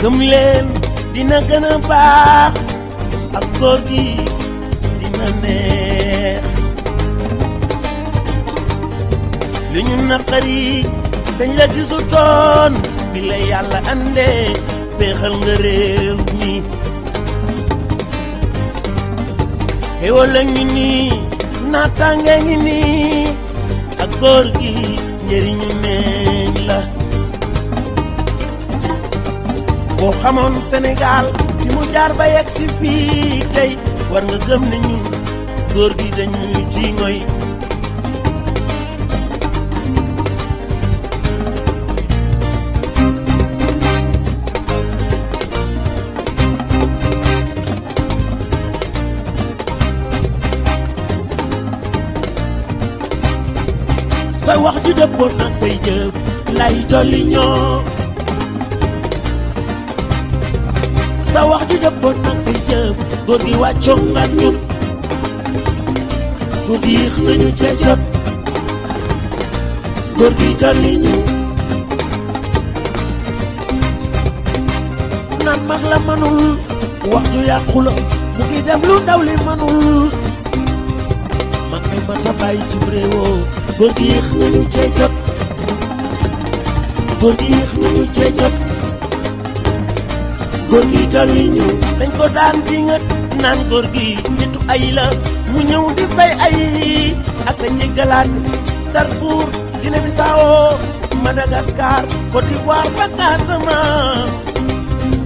gëm dina gën a baax ak góor gi dina neex li ñu naqari dañ la gisu toon bi yàlla andee féexal nga réew mi xéwal la ngi nii naataange ngi nii ak góor gi njëriñu boo xamoon Sénégal fi mu jaar ba yegg si fii tey war nga gëm ne góor gi dañuy ci ngoy sa wax ju dëppoon nag say jëf lay dolli ñoo la wax ji dëppoon ak say jëf góor gi wàccoo nga ñun góor gi yéex nañu ca jot góor gi dolli ñu la manul wax ju yàqu la mu ngi def lu ndaw li manul mag ay mata bàyyi ci réewoo góor gi yéex nañu ca jot gi yéex nañu ca gorgi gi dolli ñu dañ ko daan di nga naan gorgi gi ay la mu ñew di fay ay ak a galat darfour dina sawo madagascar côte d'ivoire ba casamance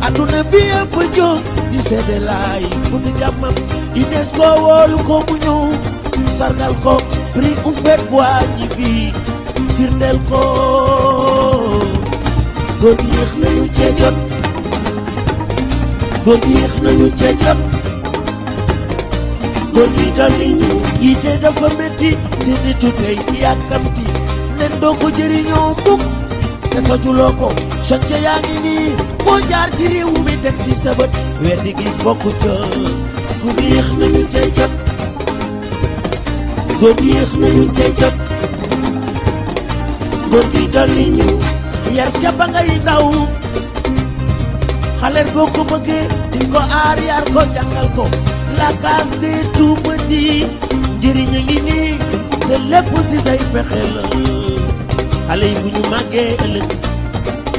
aduna bi yëpp jóg di seede laay ku di jamm unesco woolu ko mu ñew sargal ko prix oufet waa ji bi sirdel ko gorgi gi yëx jot góor gi yéex nañu ca jot góor gi daldi ñu yitte dafa metti te nitu tey yàkkamti nen doo ko jëriñoo mukk te tojuloo ko socc yaa ngi nii foo jaar ci réew mi teg ci sa bët weer di gis gi yéex nañu góor gi yéex nañu ca góor gi daldi ñu yar ca ba ngay ndaw xale boo ko bëggee di ko aar yar ko jàngal ko la case des tout petits njëriñ a ngi nii te si say pexe la xale ñu màggee ëllëg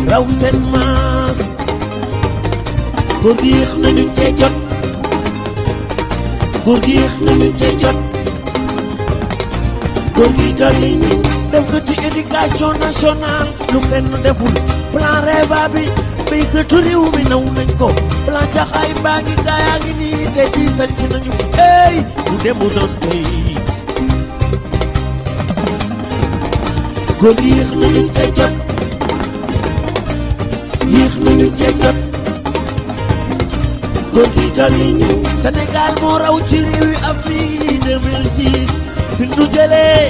raw seen maas góor gi yéex nañu cee jot góor gi yéex nañu cee jot góor gi dolli ñu def ko ci éducation nationale lu kenn deful plan REVA bi béykatu réew mi naw nañ ko plan jaxaay mbaa ngi gaayaa ngi nii te ci sanc nañu bu demu doon tey góor yéex nañu ca jot yéex nañu ca jot góor gi tali ñu Sénégal moo raw ci réew yi Afrique yi 2006 fi nu jëlee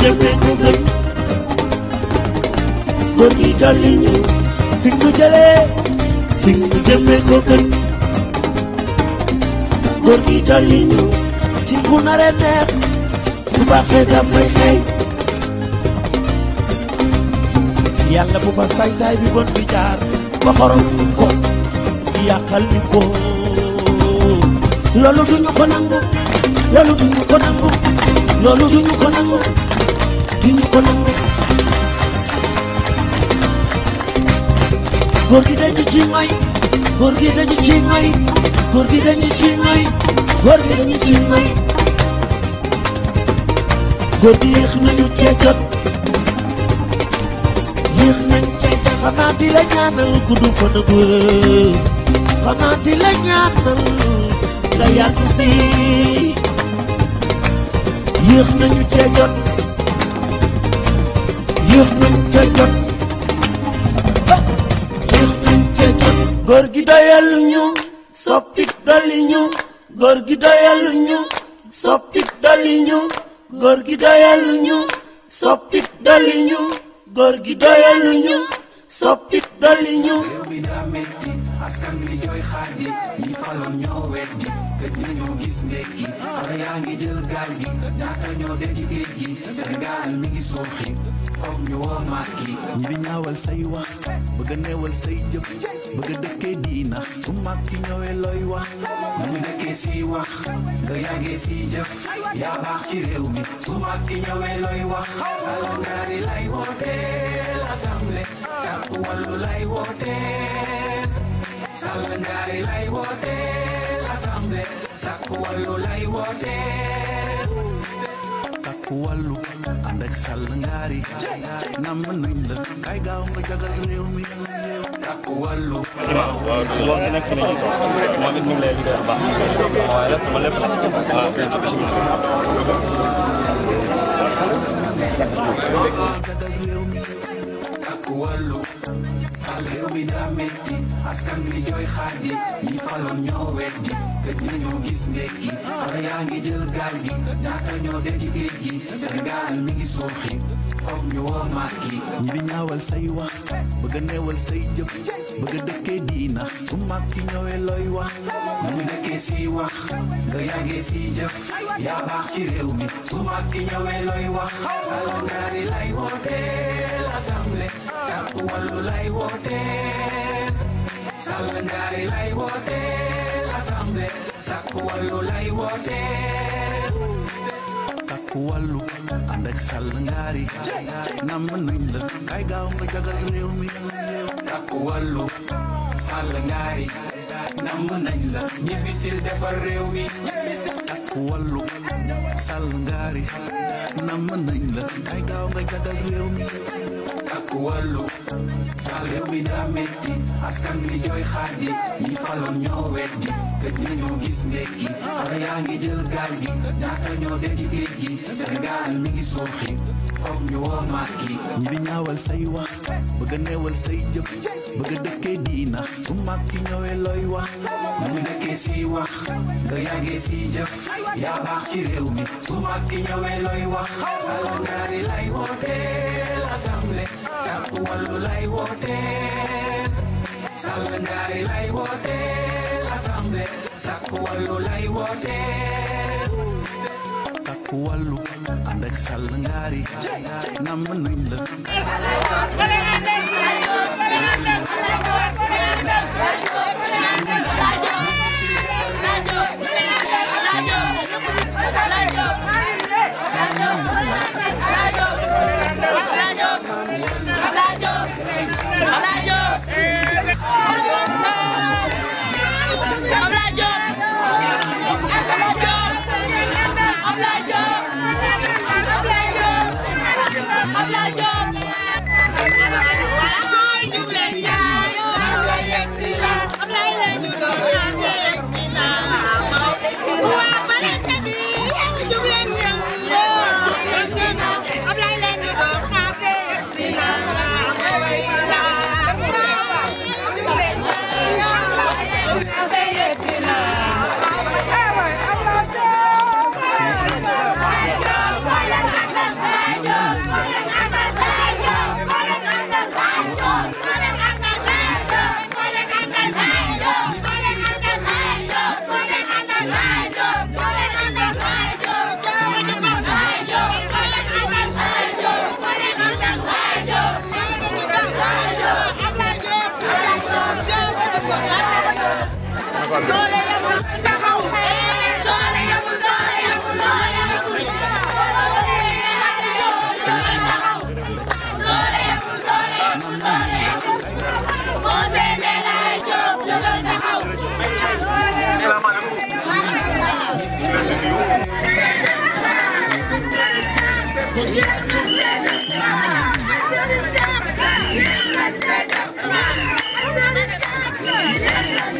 gën góor gi tali ñu fi mu jëlee fi mu jëmee ko gën góor gi dolli ñu ci ku nare neex su baaxee daf may xëy yàlla bu fa saay-saay bi bon bi jaar ba xorom ko yàqal ñu ko loolu duñu ko nangu loolu duñu ko nangu loolu duñu ko nangu duñu ko nangu góor gi dañu ci may góor gi dañu ci may góor gi dañu ci may góor gi dañu ci may góor gi yéex nañu cee jot yéex nañu cee jot xanaa di la ñaanal gudd fan ak wér xanaa di la ñaanal nga yàgg fii yéex nañu cee jot yéex nañu cee jot góor gi doyalu ñu soppit dolli ñu góor gi doyalu ñu soppit dolli ñu góor gi doyalu ñu soppit dolli góor gi doyalu ñu soppit dolli ñu réew mi daa yaa jël gaal gi ñaata ñoo dee ci géej gi Sénégal mi ngi suuxi foog ñu woo maat gi ñi di ñaawal say wax bëgg a neewal say jëf bëgg a dëkkee diina su mag ki ñëwee looy wax ñu dëkkee si wax nga yàggee si jëf yaa baax ci réew mi su mag ki ñëwee looy wax salongaari lay wooteel assemblée tàkku wàllu lay wooteel salongaari lay wooteel assemblée Kuwalu anda kesalengari, namun nila kai gaw magjaga yumi. Kakualu. Kalau senang kini, semua wàllu sal réew mi daa metti askan bi di jooy xaddi ñi faloon ñoo weddi gëj nañoo gis ndekki xale ngi jël gaal gi ñaata ñoo dee ci géej gi Sénégal mi ngi suuxi foog ñu woo Macky ñi di ñaawal say wax bëgg a neewal say jëf bëgg a dëkkee diina su Macky ñëwee looy wax ñu ngi dëkkee si wax nga yàggee si jëf yaa baax ci réew mi su Macky ñëwee looy wax Sall Ngari lay wooteel assemblée watu lai wote salangari lai wote asamble takuwalulai wote takuwalu andak salangari namun ninda kai gao ma jagal rew mi takuwalu salangari namun ninda ñebisil defar rew mi takuwalu salangari namun ninda kai gao ma jagal rew mi ku wàllu sa réew bi metti askan bi jooy xaddi ñi faloon ñoo weddi gëj nañoo gis ndekki xale yaa ngi jël gaal gi ñaata ñoo dee ci géej gi Sénégal mi ngi suuxi foog ñu woo màkki ñi di ñaawal say wax bëgg a neewal say jëf bëgg a dëkkee diina su màkki ñëwee looy wax ñu dëkkee si wax nga yàggee si jëf yaa baax ci réew mi su màkki ñëwee looy wax salongaari lay wooteel assemblée Tapu walu lai wote Salangari lai wote Lasambe Taku walu lai wote Taku Andek salangari Nam menang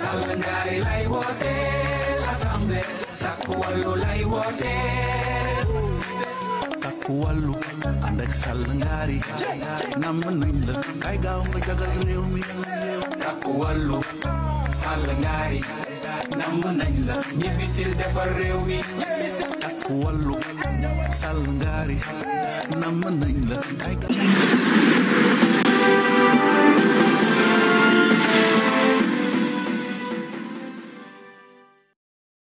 Salangari lai wote, asamble, takualu lai wote. Takualu, andak salvandari, naman nila, kay gaw majagal niyo mi. Takualu, salvandari, naman nila, ni bisil defar rew mi. Takualu, salvandari, naman nila, kay gaw.